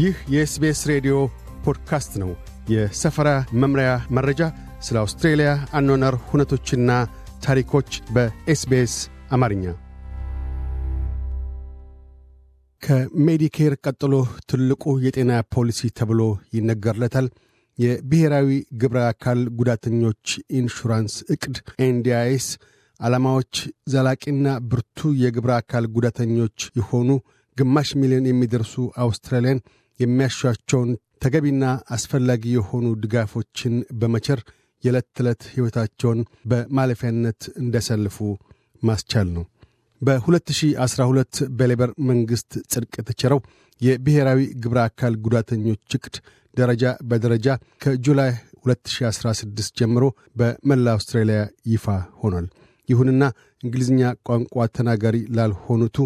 ይህ የኤስቤስ ሬዲዮ ፖድካስት ነው። የሰፈራ መምሪያ መረጃ፣ ስለ አውስትሬልያ አኗኗር ሁነቶችና ታሪኮች በኤስቤስ አማርኛ። ከሜዲኬር ቀጥሎ ትልቁ የጤና ፖሊሲ ተብሎ ይነገርለታል የብሔራዊ ግብረ አካል ጉዳተኞች ኢንሹራንስ እቅድ ኤንዲአይስ ዓላማዎች ዘላቂና ብርቱ የግብረ አካል ጉዳተኞች የሆኑ ግማሽ ሚሊዮን የሚደርሱ አውስትራሊያን የሚያሻቸውን ተገቢና አስፈላጊ የሆኑ ድጋፎችን በመቸር የዕለት ተዕለት ሕይወታቸውን በማለፊያነት እንዲያሳልፉ ማስቻል ነው። በ2012 በሌበር መንግሥት ጽድቅ የተቸረው የብሔራዊ ግብረ አካል ጉዳተኞች እቅድ ደረጃ በደረጃ ከጁላይ 2016 ጀምሮ በመላ አውስትራሊያ ይፋ ሆኗል። ይሁንና እንግሊዝኛ ቋንቋ ተናጋሪ ላልሆኑቱ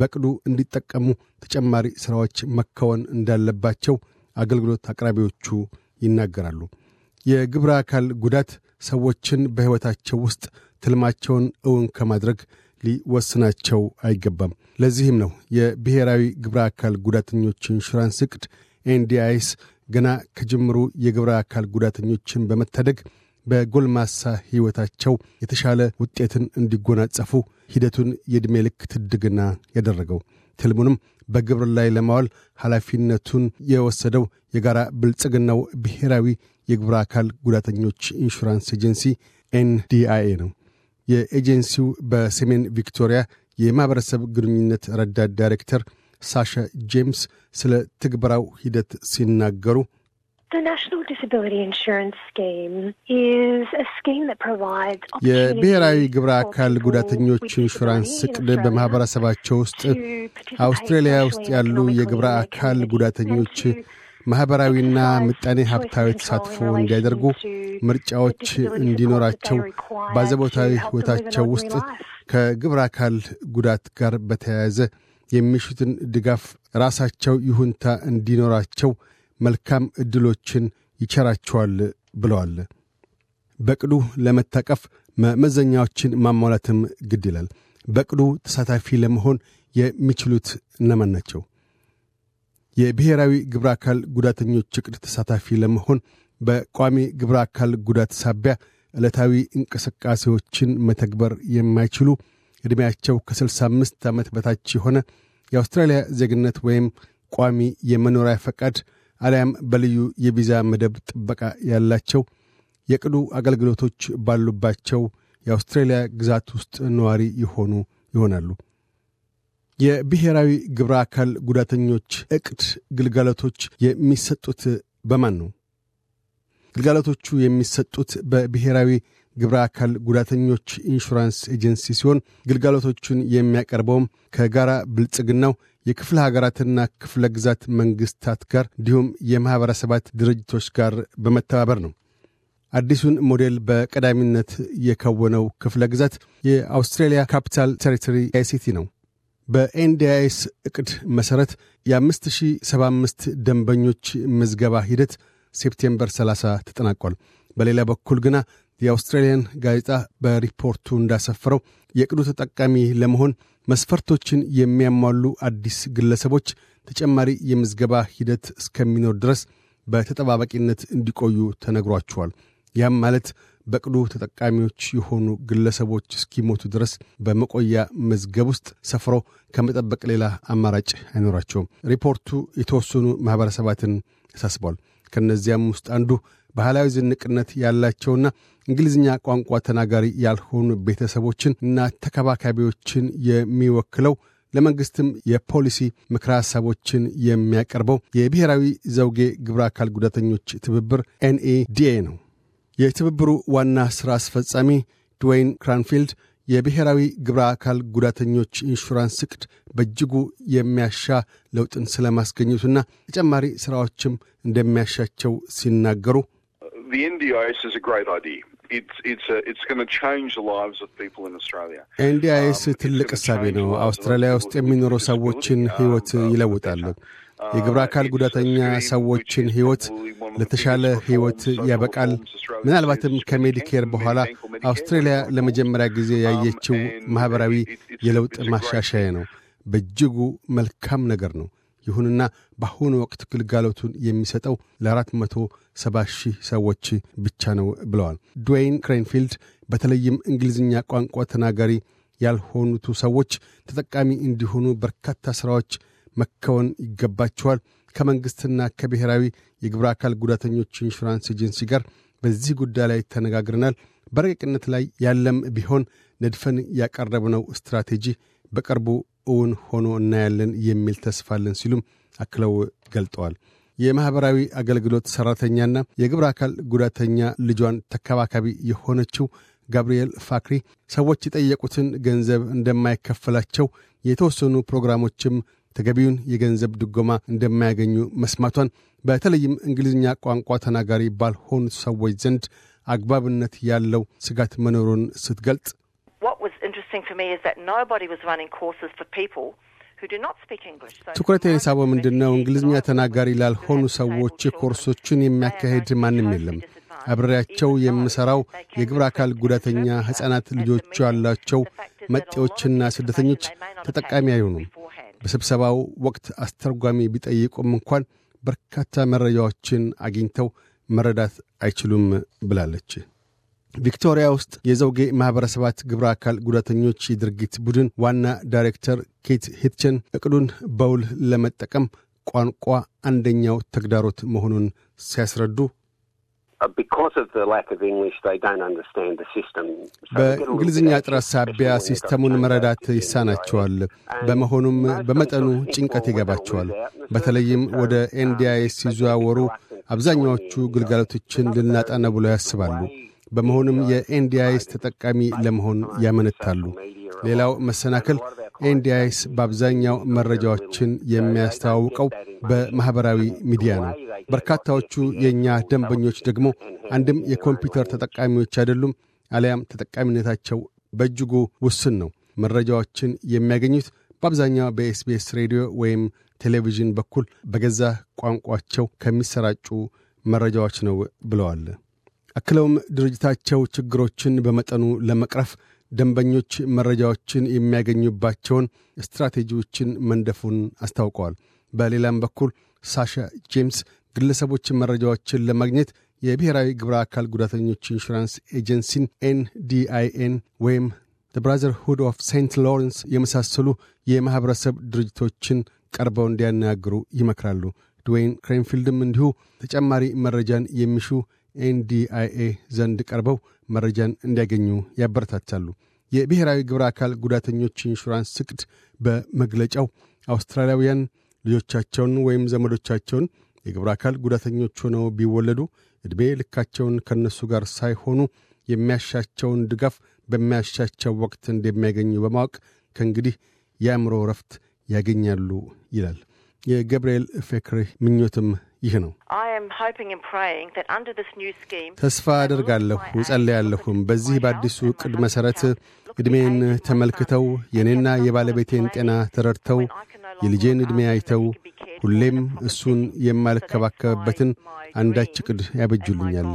በቅዱ እንዲጠቀሙ ተጨማሪ ሥራዎች መከወን እንዳለባቸው አገልግሎት አቅራቢዎቹ ይናገራሉ። የግብረ አካል ጉዳት ሰዎችን በሕይወታቸው ውስጥ ትልማቸውን እውን ከማድረግ ሊወስናቸው አይገባም። ለዚህም ነው የብሔራዊ ግብረ አካል ጉዳተኞች ኢንሹራንስ እቅድ ኤንዲአይስ ገና ከጅምሩ የግብረ አካል ጉዳተኞችን በመታደግ በጎልማሳ ሕይወታቸው የተሻለ ውጤትን እንዲጎናጸፉ ሂደቱን የዕድሜ ልክ ትድግና ያደረገው ትልሙንም በግብር ላይ ለማዋል ኃላፊነቱን የወሰደው የጋራ ብልጽግናው ብሔራዊ የግብር አካል ጉዳተኞች ኢንሹራንስ ኤጀንሲ ኤንዲአይኤ ነው። የኤጀንሲው በሰሜን ቪክቶሪያ የማኅበረሰብ ግንኙነት ረዳት ዳይሬክተር ሳሻ ጄምስ ስለ ትግበራው ሂደት ሲናገሩ የብሔራዊ ግብረ አካል ጉዳተኞች ኢንሹራንስ እቅድ በማኅበረሰባቸው ውስጥ አውስትራሊያ ውስጥ ያሉ የግብረ አካል ጉዳተኞች ማኅበራዊና ምጣኔ ሀብታዊ ተሳትፎ እንዲያደርጉ ምርጫዎች እንዲኖራቸው ባዘቦታዊ ሕይወታቸው ውስጥ ከግብረ አካል ጉዳት ጋር በተያያዘ የሚሹትን ድጋፍ ራሳቸው ይሁንታ እንዲኖራቸው መልካም ዕድሎችን ይቸራቸዋል ብለዋል። በቅዱ ለመታቀፍ መመዘኛዎችን ማሟላትም ግድ ይላል። በቅዱ ተሳታፊ ለመሆን የሚችሉት እነማን ናቸው? የብሔራዊ ግብረ አካል ጉዳተኞች እቅድ ተሳታፊ ለመሆን በቋሚ ግብረ አካል ጉዳት ሳቢያ ዕለታዊ እንቅስቃሴዎችን መተግበር የማይችሉ ዕድሜያቸው ከ65 ዓመት በታች የሆነ የአውስትራሊያ ዜግነት ወይም ቋሚ የመኖሪያ ፈቃድ አሊያም በልዩ የቪዛ መደብ ጥበቃ ያላቸው የቅዱ አገልግሎቶች ባሉባቸው የአውስትሬልያ ግዛት ውስጥ ነዋሪ የሆኑ ይሆናሉ። የብሔራዊ ግብረ አካል ጉዳተኞች እቅድ ግልጋሎቶች የሚሰጡት በማን ነው? ግልጋሎቶቹ የሚሰጡት በብሔራዊ ግብረ አካል ጉዳተኞች ኢንሹራንስ ኤጀንሲ ሲሆን ግልጋሎቶቹን የሚያቀርበውም ከጋራ ብልጽግናው የክፍለ ሀገራትና ክፍለ ግዛት መንግስታት ጋር እንዲሁም የማኅበረሰባት ድርጅቶች ጋር በመተባበር ነው። አዲሱን ሞዴል በቀዳሚነት የከወነው ክፍለ ግዛት የአውስትሬልያ ካፒታል ቴሪቶሪ አይሲቲ ነው። በኤንዲአይኤስ እቅድ መሠረት የ5075 ደንበኞች ምዝገባ ሂደት ሴፕቴምበር 30 ተጠናቋል። በሌላ በኩል ግና የአውስትራሊያን ጋዜጣ በሪፖርቱ እንዳሰፈረው የቅዱ ተጠቃሚ ለመሆን መስፈርቶችን የሚያሟሉ አዲስ ግለሰቦች ተጨማሪ የምዝገባ ሂደት እስከሚኖር ድረስ በተጠባባቂነት እንዲቆዩ ተነግሯቸዋል። ያም ማለት በቅዱ ተጠቃሚዎች የሆኑ ግለሰቦች እስኪሞቱ ድረስ በመቆያ መዝገብ ውስጥ ሰፍሮ ከመጠበቅ ሌላ አማራጭ አይኖራቸውም። ሪፖርቱ የተወሰኑ ማኅበረሰባትን ያሳስቧል። ከእነዚያም ውስጥ አንዱ ባህላዊ ዝንቅነት ያላቸውና እንግሊዝኛ ቋንቋ ተናጋሪ ያልሆኑ ቤተሰቦችን እና ተከባካቢዎችን የሚወክለው ለመንግሥትም የፖሊሲ ምክረ ሐሳቦችን የሚያቀርበው የብሔራዊ ዘውጌ ግብረ አካል ጉዳተኞች ትብብር ኤንኤዲኤ ነው። የትብብሩ ዋና ሥራ አስፈጻሚ ድዌይን ክራንፊልድ የብሔራዊ ግብረ አካል ጉዳተኞች ኢንሹራንስ እቅድ በእጅጉ የሚያሻ ለውጥን ስለማስገኘቱና ተጨማሪ ሥራዎችም እንደሚያሻቸው ሲናገሩ the NDIS is a great idea. It's, it's, a, it's going to change the lives of people in Australia. Um, ትልቅ እሳቤ ነው። um, uh, um, አውስትራሊያ ውስጥ የሚኖሩ ሰዎችን ሕይወት ይለውጣሉ። የግብረ አካል ጉዳተኛ ሰዎችን ሕይወት ለተሻለ ሕይወት ያበቃል። ምናልባትም ከሜዲኬር በኋላ አውስትራሊያ ለመጀመሪያ ጊዜ ያየችው ማኅበራዊ የለውጥ ማሻሻያ ነው። በእጅጉ መልካም ነገር ነው። ይሁንና በአሁኑ ወቅት ግልጋሎቱን የሚሰጠው ለ470 ሺህ ሰዎች ብቻ ነው ብለዋል። ድዌይን ክሬንፊልድ በተለይም እንግሊዝኛ ቋንቋ ተናጋሪ ያልሆኑቱ ሰዎች ተጠቃሚ እንዲሆኑ በርካታ ሥራዎች መከወን ይገባቸዋል። ከመንግሥትና ከብሔራዊ የግብረ አካል ጉዳተኞች ኢንሹራንስ ኤጀንሲ ጋር በዚህ ጉዳይ ላይ ተነጋግረናል። በረቂቅነት ላይ ያለም ቢሆን ነድፈን ያቀረብነው ስትራቴጂ በቅርቡ እውን ሆኖ እናያለን የሚል ተስፋለን ሲሉም አክለው ገልጠዋል። የማኅበራዊ አገልግሎት ሠራተኛና የግብረ አካል ጉዳተኛ ልጇን ተከባካቢ የሆነችው ጋብርኤል ፋክሪ ሰዎች የጠየቁትን ገንዘብ እንደማይከፈላቸው የተወሰኑ ፕሮግራሞችም ተገቢውን የገንዘብ ድጎማ እንደማያገኙ መስማቷን በተለይም እንግሊዝኛ ቋንቋ ተናጋሪ ባልሆኑ ሰዎች ዘንድ አግባብነት ያለው ስጋት መኖሩን ስትገልጽ interesting for me is that nobody was running courses for people ትኩረት የሳበው ምንድን ነው? እንግሊዝኛ ተናጋሪ ላልሆኑ ሰዎች ኮርሶችን የሚያካሄድ ማንም የለም። አብሬያቸው የምሠራው የግብረ አካል ጉዳተኛ ሕፃናት ልጆች ያላቸው መጤዎችና ስደተኞች ተጠቃሚ አይሆኑም። በስብሰባው ወቅት አስተርጓሚ ቢጠይቁም እንኳን በርካታ መረጃዎችን አግኝተው መረዳት አይችሉም ብላለች። ቪክቶሪያ ውስጥ የዘውጌ ማኅበረሰባት ግብረ አካል ጉዳተኞች የድርጊት ቡድን ዋና ዳይሬክተር ኬት ሂትችን እቅዱን በውል ለመጠቀም ቋንቋ አንደኛው ተግዳሮት መሆኑን ሲያስረዱ በእንግሊዝኛ ጥረት ሳቢያ ሲስተሙን መረዳት ይሳናቸዋል። በመሆኑም በመጠኑ ጭንቀት oh, ይገባቸዋል። በተለይም ወደ um, ኤንዲአይኤስ ሲዘዋወሩ አብዛኛዎቹ ግልጋሎቶችን ልናጣ ብሎ ያስባሉ። በመሆኑም የኤንዲአይስ ተጠቃሚ ለመሆን ያመነታሉ። ሌላው መሰናክል ኤንዲአይስ በአብዛኛው መረጃዎችን የሚያስተዋውቀው በማኅበራዊ ሚዲያ ነው። በርካታዎቹ የእኛ ደንበኞች ደግሞ አንድም የኮምፒውተር ተጠቃሚዎች አይደሉም፣ አሊያም ተጠቃሚነታቸው በእጅጉ ውስን ነው። መረጃዎችን የሚያገኙት በአብዛኛው በኤስቢኤስ ሬዲዮ ወይም ቴሌቪዥን በኩል በገዛ ቋንቋቸው ከሚሰራጩ መረጃዎች ነው ብለዋል። አክለውም ድርጅታቸው ችግሮችን በመጠኑ ለመቅረፍ ደንበኞች መረጃዎችን የሚያገኙባቸውን ስትራቴጂዎችን መንደፉን አስታውቀዋል። በሌላም በኩል ሳሻ ጄምስ ግለሰቦች መረጃዎችን ለማግኘት የብሔራዊ ግብረ አካል ጉዳተኞች ኢንሹራንስ ኤጀንሲን ኤንዲአይኤን ወይም ብራዘርሁድ ኦፍ ሴንት ሎረንስ የመሳሰሉ የማኅበረሰብ ድርጅቶችን ቀርበው እንዲያነጋግሩ ይመክራሉ። ድዌይን ክሬንፊልድም እንዲሁ ተጨማሪ መረጃን የሚሹ ኤንዲአይኤ ዘንድ ቀርበው መረጃን እንዲያገኙ ያበረታታሉ። የብሔራዊ ግብረ አካል ጉዳተኞች ኢንሹራንስ ስቅድ በመግለጫው አውስትራሊያውያን ልጆቻቸውን ወይም ዘመዶቻቸውን የግብረ አካል ጉዳተኞች ሆነው ቢወለዱ ዕድሜ ልካቸውን ከእነሱ ጋር ሳይሆኑ የሚያሻቸውን ድጋፍ በሚያሻቸው ወቅት እንደሚያገኙ በማወቅ ከእንግዲህ የአእምሮ ረፍት ያገኛሉ ይላል። የገብርኤል ፌክሬ ምኞትም ይህ ነው። ተስፋ አደርጋለሁ፣ እጸልያለሁም በዚህ በአዲሱ ዕቅድ መሠረት ዕድሜን ተመልክተው የእኔና የባለቤቴን ጤና ተረድተው የልጄን ዕድሜ አይተው ሁሌም እሱን የማልከባከብበትን አንዳች ዕቅድ ያበጁልኛል።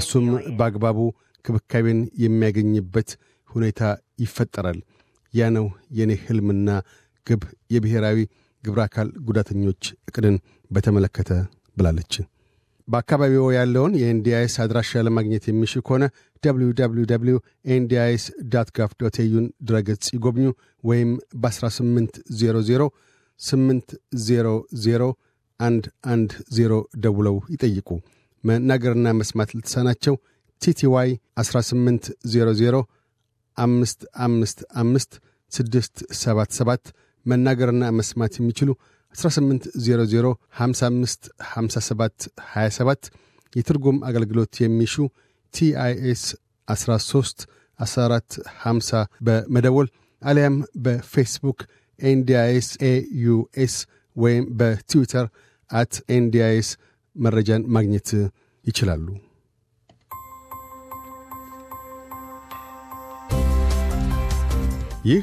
እሱም በአግባቡ ክብካቤን የሚያገኝበት ሁኔታ ይፈጠራል። ያ ነው የእኔ ሕልምና ግብ የብሔራዊ ግብረ አካል ጉዳተኞች ዕቅድን በተመለከተ ብላለች። በአካባቢው ያለውን የኤንዲአይኤስ አድራሻ ለማግኘት የሚሽ ከሆነ www ኤንዲአይኤስ ዳት ጋፍ ዶት ኤዩን ድረገጽ ይጎብኙ ወይም በ1800 800 110 ደውለው ይጠይቁ። መናገርና መስማት ልትሳናቸው ቲቲዋይ 1800 555 677 መናገርና መስማት የሚችሉ 1800555727 55 የትርጉም አገልግሎት የሚሹ ቲአይኤስ 13 14 50 በመደወል አሊያም በፌስቡክ ኤንዲይስ ኤዩኤስ ወይም በትዊተር አት ኤንዲይስ መረጃን ማግኘት ይችላሉ። ይህ